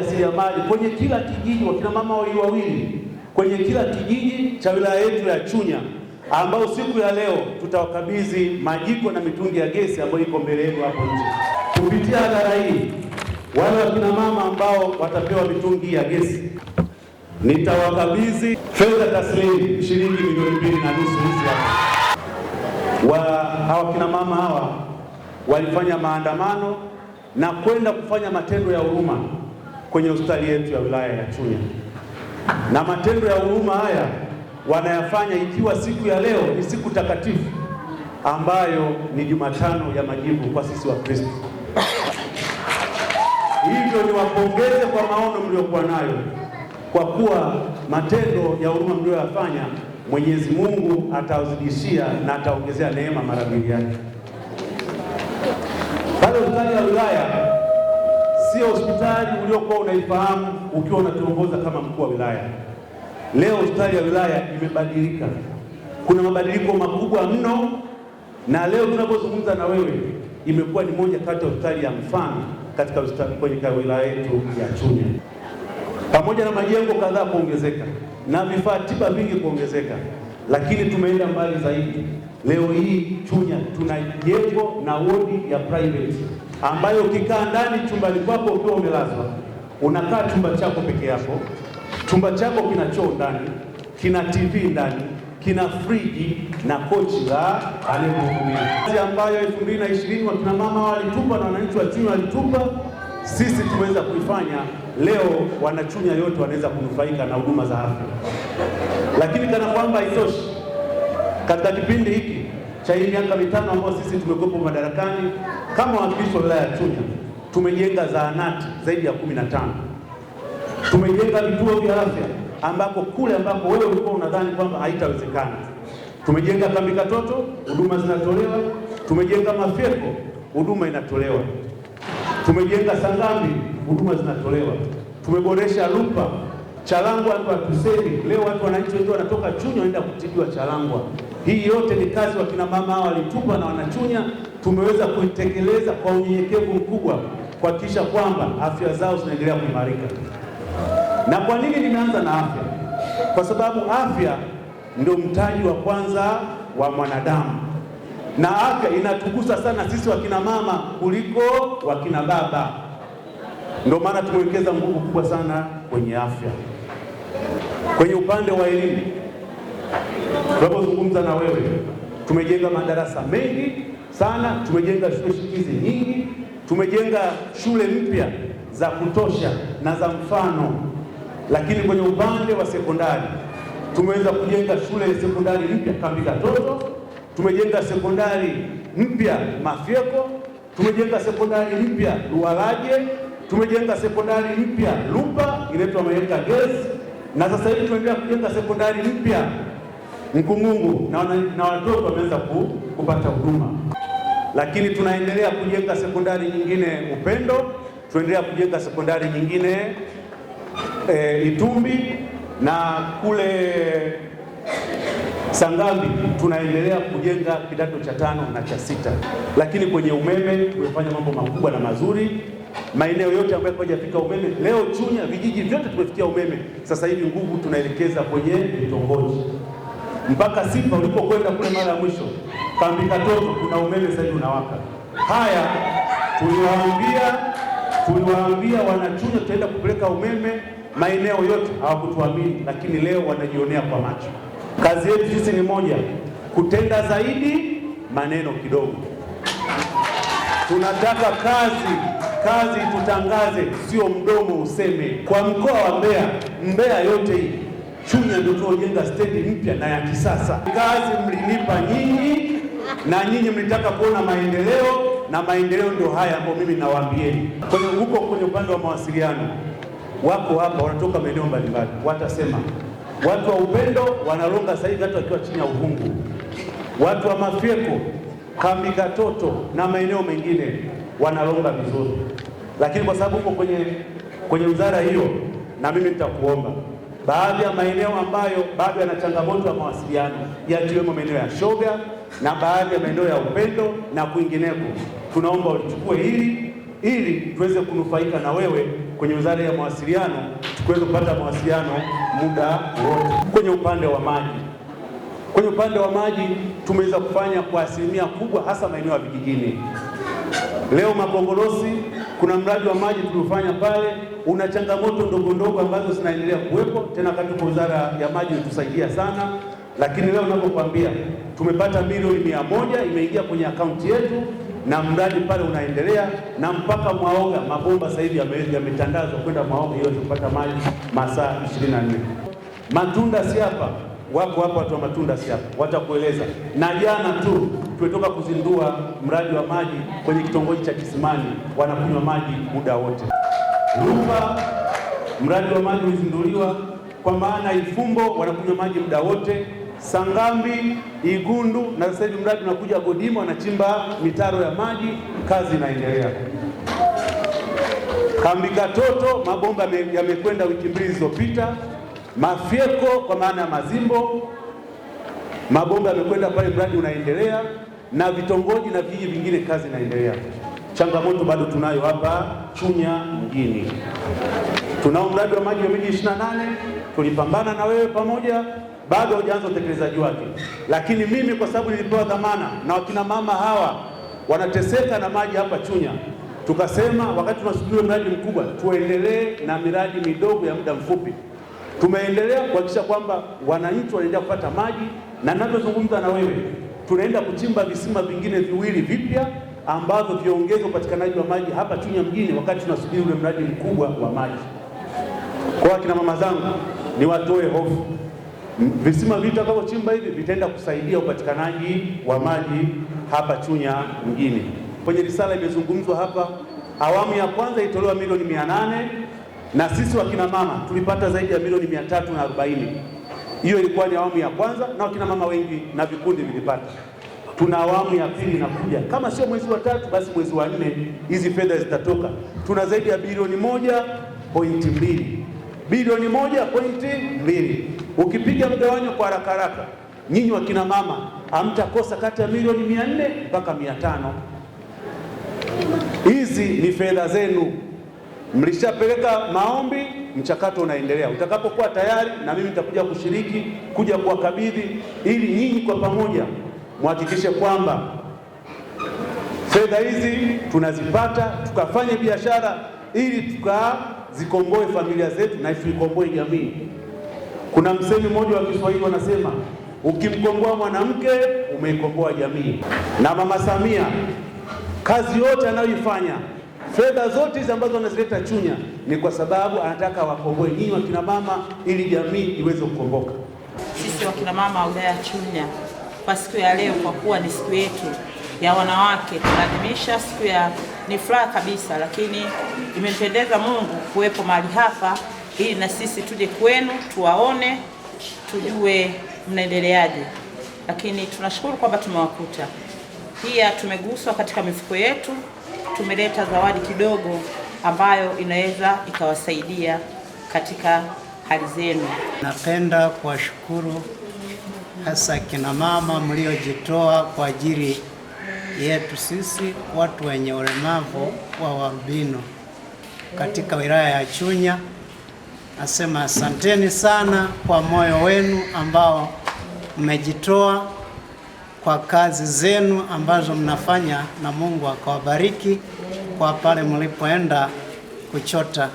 ujasiriamali kwenye kila kijiji, wakina mama wawili wawili kwenye kila kijiji cha wilaya yetu ya Chunya, ambao siku ya leo tutawakabidhi majiko na mitungi ya gesi ambayo iko mbele yenu hapo nje. Kupitia hadhara hii, wale wakina mama ambao watapewa mitungi ya gesi, nitawakabidhi fedha taslimu shilingi milioni mbili na nusu hizi hapa. Wa hawa kina mama hawa walifanya maandamano na kwenda kufanya matendo ya huruma kwenye hospitali yetu ya wilaya ya Chunya, na matendo ya huruma haya wanayafanya ikiwa siku ya leo ni siku takatifu ambayo ni Jumatano ya majivu kwa sisi wa Kristo. Hivyo niwapongeze kwa maono mliokuwa nayo, kwa kuwa matendo ya huruma mliyoyafanya Mwenyezi Mungu atawazidishia na ataongezea neema mara mbili yake pale hospitali ya wilaya sio hospitali uliokuwa unaifahamu ukiwa unatuongoza kama mkuu wa wilaya. Leo hospitali ya wilaya imebadilika, kuna mabadiliko makubwa mno, na leo tunapozungumza na wewe imekuwa ni moja kati ya hospitali ya mfano katika hospitali kwenye wilaya yetu ya Chunya, pamoja na majengo kadhaa kuongezeka na vifaa tiba vingi kuongezeka, lakini tumeenda mbali zaidi. Leo hii Chunya tuna jengo na wodi ya private ambayo ukikaa ndani chumbani kwako ukiwa umelazwa, unakaa chumba chako peke yako. Chumba chako kina choo ndani, kina TV ndani, kina friji na kochi la aliyekuhudumia, ambayo 2020 wakina mama walitupa na wananchi wa Chunya walitupa, sisi tumeweza kuifanya. Leo wanachunya yote wanaweza kunufaika na huduma za afya, lakini kana kwamba haitoshi, katika kipindi hiki cha hii miaka mitano ambayo sisi tumekuwepo madarakani kama wawakilishi wa wilaya ya Chunya, tumejenga zahanati zaidi ya kumi na tano, tumejenga vituo vya afya ambako kule ambako wewe ulikuwa unadhani kwamba haitawezekana, tumejenga kambi katoto, huduma zinatolewa, tumejenga mafyeko, huduma inatolewa, tumejenga sangambi, huduma zinatolewa, tumeboresha Lupa Chalangwa, watu hatusemi leo, watu wananchi wengi wanatoka Chunya wanaenda kutibiwa Chalangwa. Hii yote ni kazi wakina mama hawa walitupa na wanachunya, tumeweza kuitekeleza kwa unyenyekevu mkubwa kuhakikisha kwamba afya zao zinaendelea kuimarika. Na kwa nini nimeanza na afya? Kwa sababu afya ndio mtaji wa kwanza wa mwanadamu, na afya inatugusa sana sisi wakina mama kuliko wakina baba. Ndio maana tumewekeza nguvu kubwa sana kwenye afya. Kwenye upande wa elimu tunapozungumza na wewe, tumejenga madarasa mengi sana, tumejenga shule shikizi nyingi, tumejenga shule mpya za kutosha na za mfano, lakini kwenye upande wa sekondari tumeweza kujenga shule sekondari mpya Kambi Katoto, tumejenga sekondari mpya Mafyeko, tumejenga sekondari mpya Lualaje, tumejenga sekondari mpya Lupa inaitwa Mayenga Girls, na sasa hivi tunaendelea kujenga sekondari mpya Mkungungu na, na watoto ku, kupata huduma, lakini tunaendelea kujenga sekondari nyingine Upendo, tunaendelea kujenga sekondari nyingine e, Itumbi na kule Sangambi tunaendelea kujenga kidato cha tano na cha sita. Lakini kwenye umeme tumefanya mambo makubwa na mazuri, maeneo yote ambayo hajafika umeme leo, Chunya vijiji vyote tumefikia umeme. Sasa hivi nguvu tunaelekeza kwenye vitongoji mpaka Sifa ulipokwenda kule mara ya mwisho kambi Katoto, kuna umeme sasa unawaka. Haya tuliwaambia, tuliwaambia wanachunya tutaenda kupeleka umeme maeneo yote, hawakutuamini, lakini leo wanajionea kwa macho. Kazi yetu sisi ni moja, kutenda zaidi, maneno kidogo. Tunataka kazi, kazi tutangaze, sio mdomo useme. Kwa mkoa wa Mbeya, Mbeya yote hii Chunya ndio tunaojenga stendi mpya na ya kisasa. Kazi mlinipa nyinyi na nyinyi mlitaka kuona maendeleo na maendeleo ndio haya ambayo mimi nawaambieni. Kwenye huko kwenye upande wa mawasiliano, wako hapa wanatoka maeneo mbalimbali, watasema watu wa Upendo wanalonga sasa hivi hata wakiwa chini ya Uhungu, watu wa Mafyeko, Kambikatoto na maeneo mengine wanalonga vizuri, lakini kwa sababu huko kwenye kwenye wizara hiyo, na mimi nitakuomba baadhi ya maeneo ambayo bado yana changamoto ya mawasiliano yakiwemo maeneo ya shoga na baadhi ya maeneo ya upendo na kwingineko. Tunaomba uchukue hili ili tuweze kunufaika na wewe kwenye wizara ya mawasiliano, tukiweze kupata mawasiliano muda wote. Kwenye upande wa maji, kwenye upande wa maji tumeweza kufanya kwa asilimia kubwa, hasa maeneo ya vijijini. Leo mabongorosi kuna mradi wa maji tuliofanya pale, una changamoto ndogo ndogo ambazo zinaendelea kuwepo tena. Katibu Wizara ya Maji imetusaidia sana, lakini leo ninapokuambia tumepata milioni mia moja imeingia kwenye akaunti yetu na mradi pale unaendelea na mpaka Mwaoga mabomba sasa hivi yametandazwa kwenda Mwaoga ili tupata maji masaa 24. Matunda si hapa, wako hapa, watu wa Matunda Siapa watakueleza, na jana tu tumetoka kuzindua mradi wa maji kwenye kitongoji cha Kisimani, wanakunywa maji muda wote. Rumba, mradi wa maji ulizinduliwa kwa maana Ifumbo wanakunywa maji muda wote, Sangambi, Igundu na sasa hivi mradi unakuja Godima, wanachimba mitaro ya maji, kazi inaendelea. Kambi Katoto mabomba yamekwenda wiki mbili zilizopita. Mafyeko kwa maana ya Mazimbo mabomba yamekwenda pale, mradi unaendelea na vitongoji na vijiji vingine, kazi inaendelea. Changamoto bado tunayo hapa Chunya mjini. Tunao mradi wa maji wa miji 28 tulipambana na wewe pamoja, bado haujaanza utekelezaji wake, lakini mimi kwa sababu nilipewa dhamana na wakina mama hawa wanateseka na maji hapa Chunya, tukasema wakati tunasubiri mradi mkubwa tuendelee na miradi midogo ya muda mfupi. Tumeendelea kuhakikisha kwamba wananchi wanaendelea kupata maji, na ninavyozungumza na wewe tunaenda kuchimba visima vingine viwili vipya ambavyo viongeze upatikanaji wa maji hapa Chunya mjini, wakati tunasubiri ule mradi mkubwa wa maji. Kwa kina mama zangu, watoe hofu. Visima vitakavyochimba hivi vitaenda kusaidia upatikanaji wa maji hapa Chunya mjini. Kwenye risala imezungumzwa hapa, awamu ya kwanza ilitolewa milioni mia nane na sisi wakina mama tulipata zaidi ya milioni mia tatu na arobaini. Hiyo ilikuwa ni awamu ya kwanza, na wakina mama wengi na vikundi vilipata. Tuna awamu ya pili inakuja, kama sio mwezi wa tatu, basi mwezi wa nne hizi fedha zitatoka. Tuna zaidi ya bilioni moja pointi mbili bilioni moja pointi mbili. Ukipiga mgawanyo kwa haraka haraka, nyinyi wakina mama hamtakosa kati ya milioni mia nne mpaka mia tano. Hizi ni fedha zenu, mlishapeleka maombi mchakato unaendelea. Utakapokuwa tayari, na mimi nitakuja kushiriki kuja kuwakabidhi, ili nyinyi kwa pamoja muhakikishe kwamba fedha hizi tunazipata tukafanye biashara, ili tukazikomboe familia zetu na tuikomboe jamii. Kuna msemi mmoja wa Kiswahili wanasema, ukimkomboa mwanamke umeikomboa jamii. Na mama Samia kazi yote anayoifanya Fedha zote hizi ambazo wanazileta Chunya ni kwa sababu anataka wakomboe nyinyi wakina mama, ili jamii iweze kukomboka. Sisi wakina mama wa wilaya Chunya, kwa siku ya leo, kwa kuwa ni siku yetu ya wanawake, tunaadhimisha siku ya, ni furaha kabisa, lakini imempendeza Mungu kuwepo mahali hapa, ili na sisi tuje kwenu tuwaone, tujue mnaendeleaje, lakini tunashukuru kwamba tumewakuta, pia tumeguswa katika mifuko yetu tumeleta zawadi kidogo ambayo inaweza ikawasaidia katika hali zenu. Napenda kuwashukuru hasa kina mama mliojitoa kwa ajili yetu sisi watu wenye ulemavu wa warbino katika wilaya ya Chunya. Nasema asanteni sana kwa moyo wenu ambao mmejitoa kwa kazi zenu ambazo mnafanya, na Mungu akawabariki kwa pale mlipoenda kuchota